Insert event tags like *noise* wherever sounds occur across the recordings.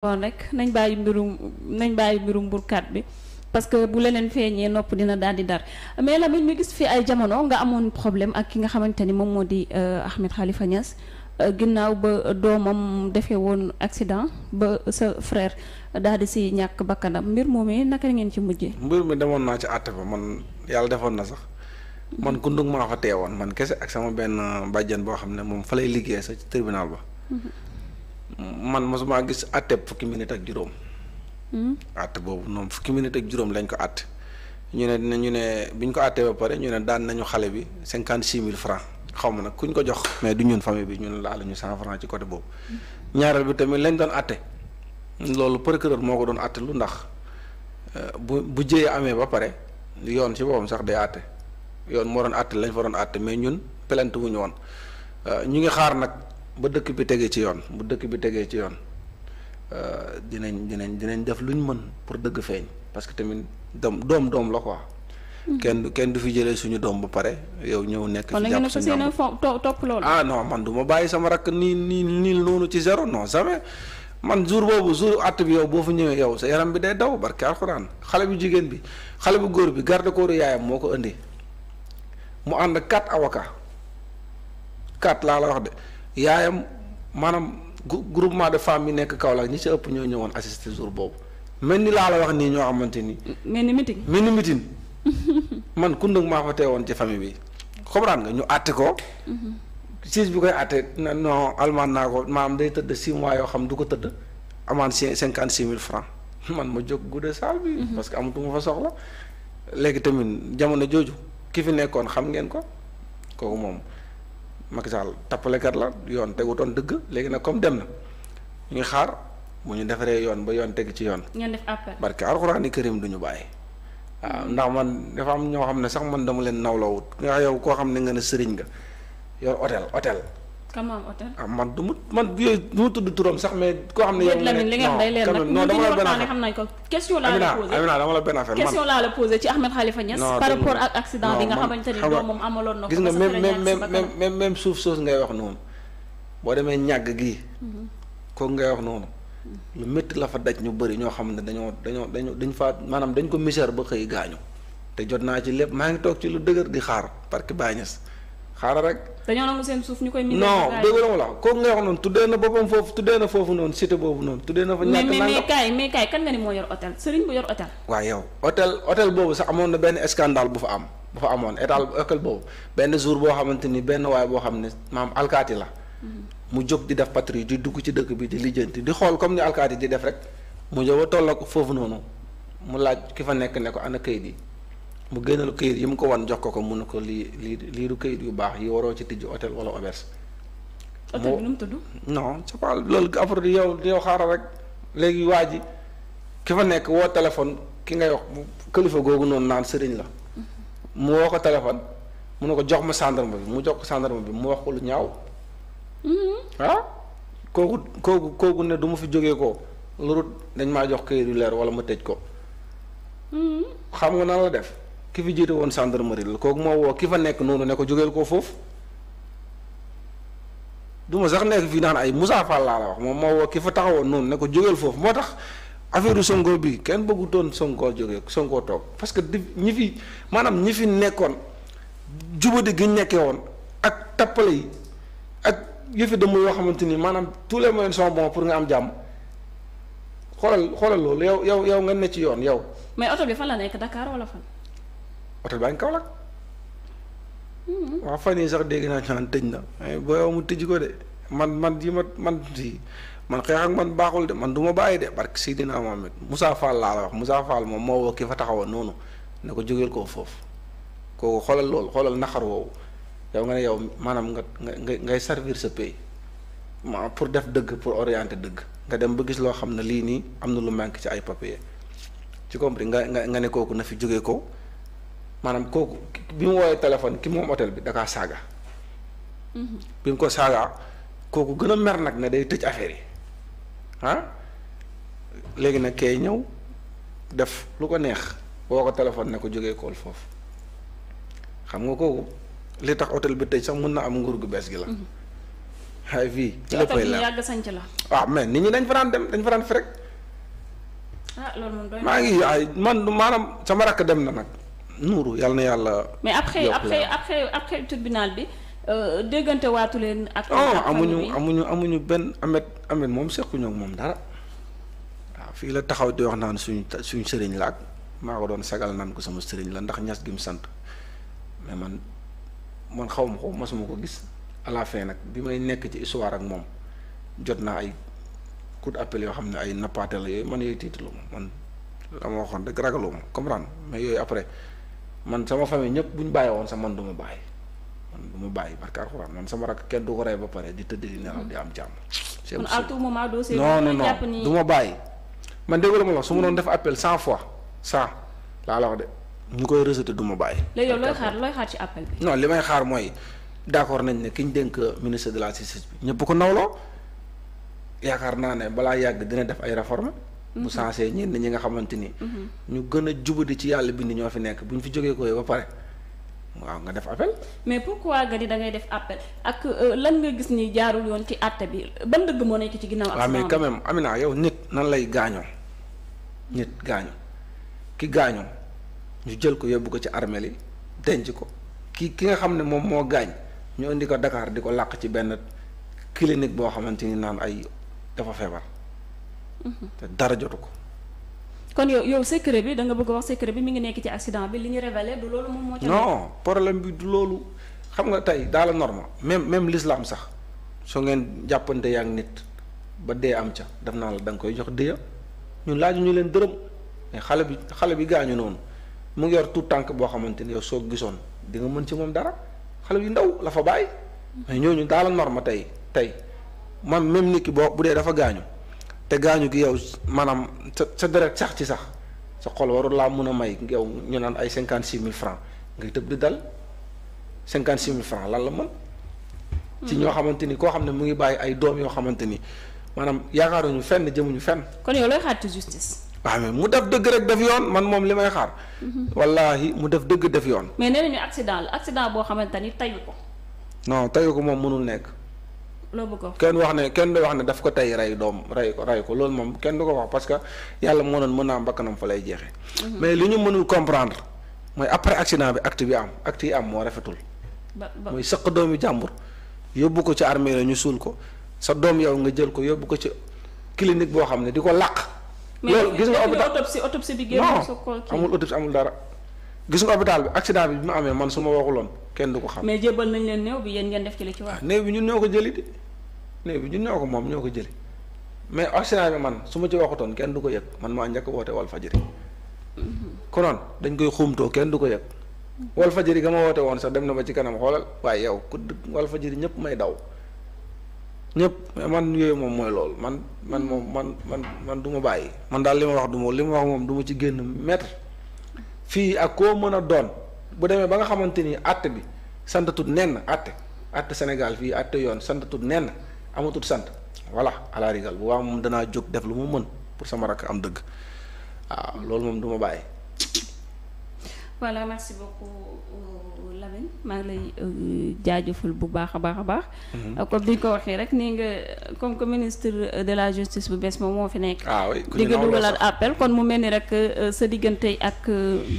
kon rek nañ bàyyi mbirum nañ bàyyi mbirum burkat bi parce que bu leneen feeñee nopp dina daal di dar mais la ñu gis fi ay jamono nga amoon problème ak ki nga xamante ni moom moo di euh, Ahmed Khalifa ñas euh, ginnaaw ba doomam defee woon accident ba sa frère daal di si ñàkk bakkanam mbir moomee naka ngeen ci mujjee. mbir mi demoon naa ci àtte ba man yàlla defoon na sax man mm-hmm. kundug maa fa teewoon man kese ak sama benn bàjjan boo xam ne moom fa lay liggéey sax ci tribunal ba. Mm-hmm. man mosuma gis àtteeb fukki minute ak juróom. àtte hmm? boobu noonu fukki minute ak juróom lañ ko àtte ñu ne ñu ne bi ko àttee ba pare ñu ne daan nañu xale bi cinquante six mille francs xaw ma nag kuñ ko jox mais du ñun famille bi ñun laal ñu cent francs ci côté boobu. ñaareel bi tamit lañ doon àtte loolu procureur moo ko doon àtte lu ndax euh, bu bu jëyee amee ba pare yoon ci boppam sax day àtte yoon moo doon àtte lañ fa doon àtte mais ñun plainte wuñu woon euh, ñu ngi xaar nag. ba dëkk bi tegee ci yoon bu dëkk bi tegee ci yoon euh, dinañ dinañ dinañ def luñ mën pour dëgg feeñ parce que tamit doom doom doom la quoi. Hmm. kenn kenn du fi jëlee suñu doom bu pare yow ñëw nekk. ci jàpp si ñoom topp loolu. ah non man du ma bàyyi sama rakk nii nii nii noonu ci zéro non jamais man jour boobu jour àtt bi yow boo fa ñëwee yow sa yaram bi day daw barke alxuraan xale bu jigéen bi xale bu góor bi garde corps yaayam moo ko indi mu ànd quatre avocats quatre laa la wax de. yaayam maanaam groupement de femmes yi nekk Kaolack ñi ci ëpp ñoo ñëwoon assister jour boobu mel ni laa la wax nii ñoo xamante ni. mel ni meeting mel ni meeting man kundug maa fa teewoon ci famille bi comprendre nga ñu àtte ko. siis bi koy àtte non almaan naa ko maam day tëdd six mois yoo xam du ko tëdd amaan cinquante six mille francs *laughs* man ma jóg gudde saal bi. Mhm. parce que amatuma fa soxla. léegi tamit jamono jooju ki fi nekkoon xam ngeen ko kooku moom. Macky Sall tappalekat la yoon tegutoon dëgg léegi nag comme dem na ñu xaar bu ñu defaree yoon ba yoon teg ci yoon. ngeen def appel barke alxuraani karim du ñu bàyyi. waaw ndax man dafa am ñoo xam ne sax man dama leen nawlawut nga yow koo xam ne nga ne sëriñ nga yor hôtel hôtel. Kamam ah, man du man yooyu du ma tudd turam sax mais. koo xam ne yow li nga xam day leer nag non dama la benn affaire xam nañ ko question laa la posé Amina dama la benn affaire man question laa la posé ci Ahmed Khalifa Niass. par rapport ak accident bi nga xamante ni na ko. gis nga même même même même suuf soosu ngay wax noonu boo demee ñàgg gii. Mhm. kooku ngay wax noonu. lu metti la fa daj ñu bëri ñoo xam ne dañoo dañoo dañu dañ faa maanaam dañ ko misère ba xëy gaañu te jot naa ci lépp maa ngi toog ci lu dëgër di xaar parce que bàyyi xaaral rek. dañoo nangu seen suuf ñu koy. miin non dégg nga la kooku nga wax noonu tuddee na boppam foofu tuddee na foofu noonu cité boobu noonu. tuddee na fa ñàkk mais mais kaay mais kaay kan nga boobu sax amoon na benn scandale bu fa am bu fa amoon état hôtel boobu benn jour boo xamante ni benn waay boo xam ne maam alkaati la. Mhm. mu jóg di def patrouille di dugg ci dëkk bi di lijjanti di xool comme ni alkaati di def rek mu jóg ba toll ak foofu noonu mu laaj ki fa nekk ne ko ana kayit yi mu génnal këyit yi mu ko wan jox ko ko mun na ko lii lii lii du këyit yu baax yi waroo ci tijj hôtel wala auberge. hôtel bi nu mu tudd. non c'est pas loolu affaire yow yow xaaral rek léegi waa ji ki fa nekk woo téléphone ki ngay wax kilifa googu noonu naan sëriñ la. Mm-hmm. mu woo ko téléphone mu ne ko jox ma gendarme bi mu jox ko gendarme bi mu wax ko lu ñaaw. Mm-hmm. ah kooku kooku kooku ne du ma fi jóge ko lu rut dañ maa jox këyit yu leer wala ma tëj ko. Mm-hmm. xam nga nan def. ki fi jiite woon gendarmerie la kooku moo woo ki fa nekk noonu ne ko jógeel ko foofu du ma sax nekk fii naan ay Moussa Fall laa la wax moom moo woo ki fa taxawoon noonu ne ko jógeel foofu moo tax affaire Sonko bi kenn bëggutoon Sonko jógee Sonko toog parce que di ñi fi maanaam ñi fi nekkoon jubadi gi nekkee woon ak tappale yi ak yëfi dëmm yoo xamante ni maanaam tous les moyens sont bons pour nga am jàmm xoolal xoolal loolu yow yow yow nga ne ci yoon yow. mais oto bi hôtel baa ngi Kaolack. waaw fan yii sax dégg naa ñu naan tëj na eh, booy yow mu tëj ko de man man ji ma man si man xeex ak man baaxul de man du ma bàyyi de barke Seydina Mohamed Moussa Fall laa la wax Moussa moom moo woo ki fa taxawoon noonu ne ko jógeel koo foofu kooku xoolal loolu xoolal naxar woowu yow nga ne yow maanaam nga nga ngay servir sa pays ma pour def dëgg pour orienter dëgg nga dem ba gis loo xam ne lii nii am na lu manqué ci ay papier ci compris nga nga nga ne na fi jóge ko. maanaam kooku bi mu woowee téléphone ki moom hôtel bi da kaa saaga. Mm-hmm. bi mu ko saaga kooku gën a mer nag na day tëj affaire yi ah? léegi nag kay ñëw def lu ko neex woo ko téléphone ne ko jógee kool foofu xam nga kooku li tax hôtel bi tëj sax mun na am nguur gu bees gi la. xay mm-hmm. fii léppay la yàgg sanc la waaw mais nit ñi dañ fa dem dañ fa daan fi rek. ah maa ngi ay man maanaam sama rakk dem na nag. nuuru yàlla na yàlla. mais après après après après tribunal bi euh, déggante waatu leen. ak amuñu amuñu amuñu benn amet amet moom sequñu ak moom dara waaw fii la taxaw di wax naan suñu suñu sëriñ la ak maa ko doon sagal naan ko sama sëriñ la ndax ñas gi mu sant mais man xaw ma ko masuma ko gis à la nag bi may nekk ci histoire ak moom jot naa ay coup d'appel yoo xam ne ay nappaate la yooyu man yooyu tiitalu ma man. la waxoon rek ragaloo ma comprendre mais man sama famille ñëpp bu ñu bàyyi woon sax man du ma bàyyi man du ma bàyyi parce que alxuraan man sama rakk kenn du ko rey ba pare di tëdd di nelaw di am jàmm. kon à tout moment doo see non non non ma bàyyi. man dégg la ma la su ma doon def appel cent fois cent laa la wax de ñu koy rejeté du ma bàyyi. léegi yow looy xaar ci appel bi. li may xaar mooy d' accord nañ ne ki ñu dénk ministre de la justice bi ñëpp ko nawloo yaakaar naa ne balaa yàgg dina def ay réformes. bu sensé ñenn ñi nga xamante ni. Mhm. ñu gën a jubadi ci yàlla bi ni ñoo fi nekk bu ñu fi jógee ko ba pare waaw nga def appel. mais pourquoi nga ni da ngay def appel ak euh, lan nga gis ni jaarul yoon ci àtte bi ban dëgg moo nekk ci ginnaaw. waaw mais quand même Amina yow nit nan lay gaañoo nit gaañu ki gaañoo ñu jël ko yóbbu ko ci armée yi denc ko ki ki nga xam ne moom moo gaañ ñu indi ko dakaar di ko làq ci benn clinique boo xamante ni naan ay dafa feebar. te dara jotu ko. kon yow yow secret bi da nga bëgg wax secret bi mi ngi nekk ci accident bi li ñu révélé du loolu moom moo ci. non bi du loolu xam nga tey dans la même même l'islam sax soo ngeen jàppante yaa nit ba dee am ca def naa da nga koy jox dëya ñun laaju ñu leen dërëm xale bi xale bi gaañu noonu mu ngi yor tout tànk boo xamante ni yow soo gisoon di nga mën ci moom dara xale yu ndaw la fa bàyyi. mais ñooñu dans la norme tey tey man même nekki ki boo bu dee dafa gaañu. te gaañu gi yow maanaam sa sa deret sax ci sax sa xol warul laa mën a may yow ñu naan ay cinquante six mille francs ngay tëb di dal cinquante six mille francs lan la mën. ci ñoo xamante ni koo xam ne mu ngi bàyyi ay doom yoo xamante ni maanaam yaakaaruñu fenn jëmuñu fenn. kon yow looy xaar ci justice. waaw mu def dëgg rek def yoon man moom li may xaar. Mhm. wallaahi mu def dëgg def yoon. mais nee nañu accident la accident boo xamante ni tayu ko. non tayu ko moom mënul nekk. loo bëgg wax kenn wax ne kenn du wax ne daf ko tey rey doom rey ko rey ko loolu moom kenn du ko wax parce que yàlla moo doon mën naa am bakkanam fa lay jeexee. Mhm. mais li ñu mënul comprendre mooy après accident bi acte bi am acte yi am moo rafetul. ba ba mooy sëq doomi jàmbur yóbbu ko ci armée la ñu suul ko sa doom yow nga jël ko yóbbu ko ci clinique boo xam ne di ko làq. loolu gis nga autopsie autopsie bi génn sa ko amul autopsie amul dara. gis nga hôpital bi accident bi bi mu amee man su ma waxuloon kenn du ko xam. mais jébbal nañ leen néew bi yéen ngeen def ci li ci wax. Ah, néew bi ñun ñoo ko jëli de néew bi ñun ñoo ko moom ñoo ko jëli mais accident bi man su ma ci waxutoon kenn du ko yëg man maa njëkk woote wal fajiri konoon dañ koy xuumtoo kenn du ko yëg wal fajiri ga ma woote woon sax dem na ba ci kanam xoolal waaye yow ku wal fajiri ñëpp may daw ñëpp man yooyu moom mooy loolu man man moom man man man du ma bàyyi man daal li ma wax du li ma wax moom du ma ci génn mètre. fii ak koo mën a doon bu demee ba nga xamante ni àtte bi santatut nenn àtte àtte senegal fii àtte yoon santatut nenn amatut sant voilà à la bu baax moom danaa jóg def lu mu mën pour sama rakk am dëgg waaw ah, loolu moom duma ma bàyyi. voilà merci beaucoup. nañ maa ngi lay euh, jaajëfal bu baax a baax a baax. Mhm. Euh, comme ni ko waxee rek nii nga comme que ministre de la justice bu bees moom moo fi nekk. ah oui nga dugalaat appel kon mu mel ni rek euh, sa diggante ak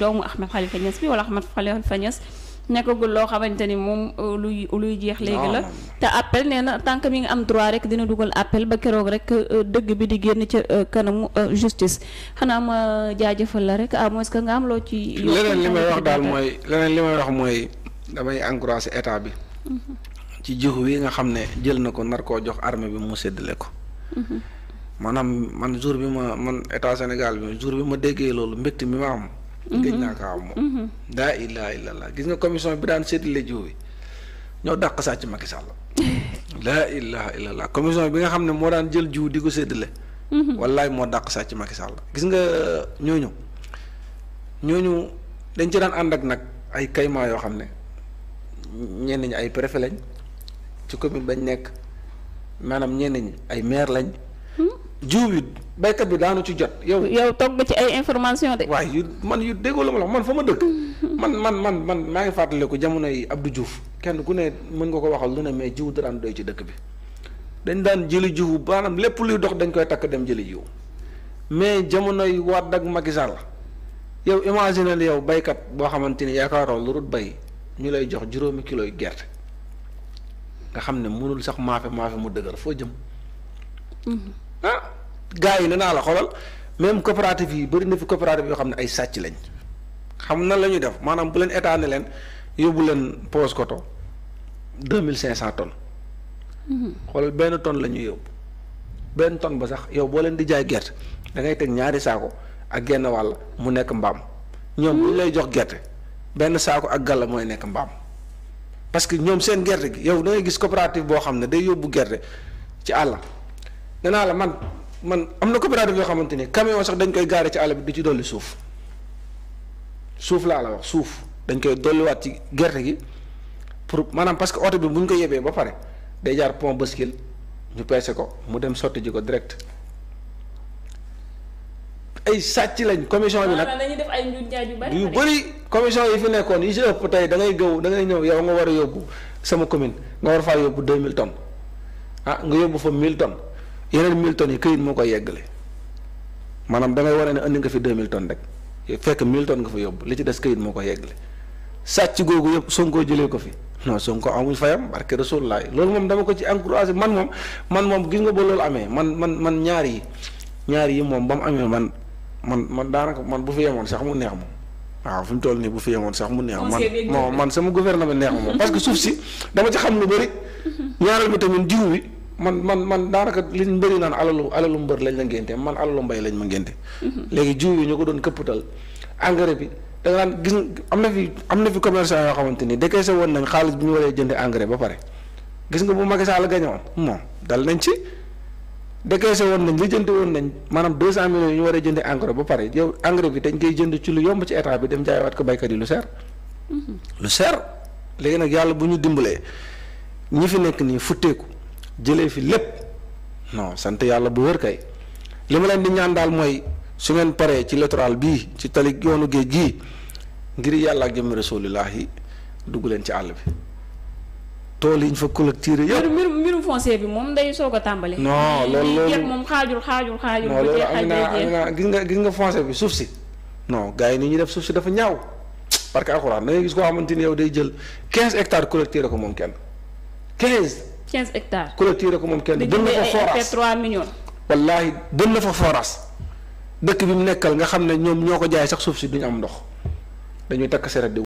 doomu Ahmed Khalifa Niass bi wala Ahmed Khalifa Niass. nekkagul loo xamante ni moom luy luy jeex léegi la te appel nee na tant que mi ngi am droit rek dina dugal appel ba keroog rek dëgg bi di génn ca kanamu justice xanaa ma jaajëfal la rek à moins que nga am loo ci leneen li may wax daal damay encourager état bi. ci jiw wi nga xam ne jël na ko nar koo jox armée bi mu séddale ko. maanaam man jour bi ma man état Sénégal bi jour bi ma déggee loolu mbégte mi ma am. gëj naa ko am moom. daa ilaaha illallaah gis nga commission bi daan séddale jiw wi ñoo dàq sàcc Macky Sall. laa ilaaha laa commission bi nga xam ne moo daan jël jiw di ko séddale. wallaay moo dàq sàcc Macky Sall gis nga ñooñu ñooñu dañ ci daan ànd ak nag ay kaymaa yoo xam ne. ñenn ay préfet lañ ci commune bañ nekk maanaam ñenn ñi ay maire lañ. Hmm? jiw bi baykat bi daanu ci jot yow. yow toog ba ci ay information de. waaye yu man yu déggoo la ma la man fa ma dëkk. Hmm. man man man man maa ngi ko jamono yi abdu Diouf kenn ku ne mën nga ko waxal lu ne mais jiw daan doy ci dëkk bi dañ daan jëli jiw maanaam lépp luy dox dañ koy takk dem jëli jiw mais jamonoy yi Wade ak Macky Sall yow imagine yow baykat boo xamante ni yaakaaroo lu dul bay ñu lay jox juróomi kilo yu gerte nga xam ne mënul sax maafe maafe mu dëgër foo jëm. Mm-hmm. ah gars yi nee naa la xoolal même coopérative yi bëri na fi coopérative yoo xam ne ay sàcc lañ. xam na la ñuy def maanaam bu leen état ne leen yóbbu leen poos koto deux mille cinq cent tonnes. Mm-hmm. xoolal benn tonne la ñuy yóbbu benn tonne ba sax yow boo leen di jaay gerte da ngay teg ñaari saako ak genn wàll mu nekk mbaam. ñoom bu ñu lay jox gerte. benn saako ak galla mooy nekk mbaam parce que ñoom seen gerte gi yow da gis coopérative boo xam ne day yóbbu gerte ci àll danaa la man man am na coopérative yoo xamante ni camion sax dañ koy gaare ci àll bi du ci dolli suuf suuf laa la wax suuf dañ koy dolliwaat ci gerte gi pour maanaam parce que oto bi bu ñu ko yebee ba pare day jaar pont bascule ñu peese ko mu dem sotti ji ko direct ay sàcc lañ commission bi nag yu bëri commission yi fi nekkoon yi si ëpp tey da ngay gëw da ngay ñëw yow nga war a yóbbu sama commune nga war a yóbbu deux mille tonnes ah nga yóbbu fa mille tonnes yeneen mille tonnes yi këyit moo koy yeggale maanaam da war a ne andi nga fi deux mille tonnes rek fekk mille tonnes nga fa yóbbu li ci des këyit moo koy yeggale sàcc googu yëpp Sonko jëlee ko fi non Sonko amul fayam barke Rasulullah loolu moom dama ko ci encouragé man man man daanaka man bu fi yemoon sax mu neex moom waaw fi mu toll nii bu fi yemoon sax mu neex man non man sama gouvernement neex moom parce que suuf si dama ci xam lu bëri ñaareel bi tamit jiw bi man man man daanaka liñ mbëri naan alalu alalu mbër lañ la ngénte man alalu mbay lañ ma ngénte léegi jiw bi ñu ko doon këppatal engrais bi da nga naan gis am na fi am na fi commerçant yoo xamante ni décaissé woon nañ xaalis bi ñu waree jënd engrais ba pare gis nga bu Macky Sall gañoon moom dal nañ ci décaissé woon nañ lijjanti woon nañ maanaam deux cent millions yi ñu war a jëndi engrais ba pare yow engrais bi dañ koy jënd ci lu yomb ci état bi dem jaayawaat ko béykat yi lu seer. Mm-hmm. lu seer léegi nag yàlla bu ñu dimbalee ñi fi nekk nii futteeku jëlee fi lépp non sant yàlla bu wër kay li ma leen di ñaan daal mooy su ngeen paree ci littoral bii ci tali yoonu géej gii ngir yàlla ak jëmmi rasulillahi dugg leen ci àll bi. tool yi ñu fa collecté yëpp. mbirum mbirum foncier bi moom day soo a tàmbali. non loolu loolu yëpp moom xaajul gis nga gis nga foncé bi suuf si. non gars yi ni ñuy def suuf si dafa ñaaw parce que alxuraan da ngay gis koo xamante ni yow day jël 15 hectares collecté ko moom kenn 15. 15 hectares collecté ko moom kenn. dënn na fa forage 3 millions. wallaahi dënn na fa forage dëkk bi mu nekkal nga xam ne ñoom ñoo ko jaay sax suuf si duñu am ndox dañuy takk seret di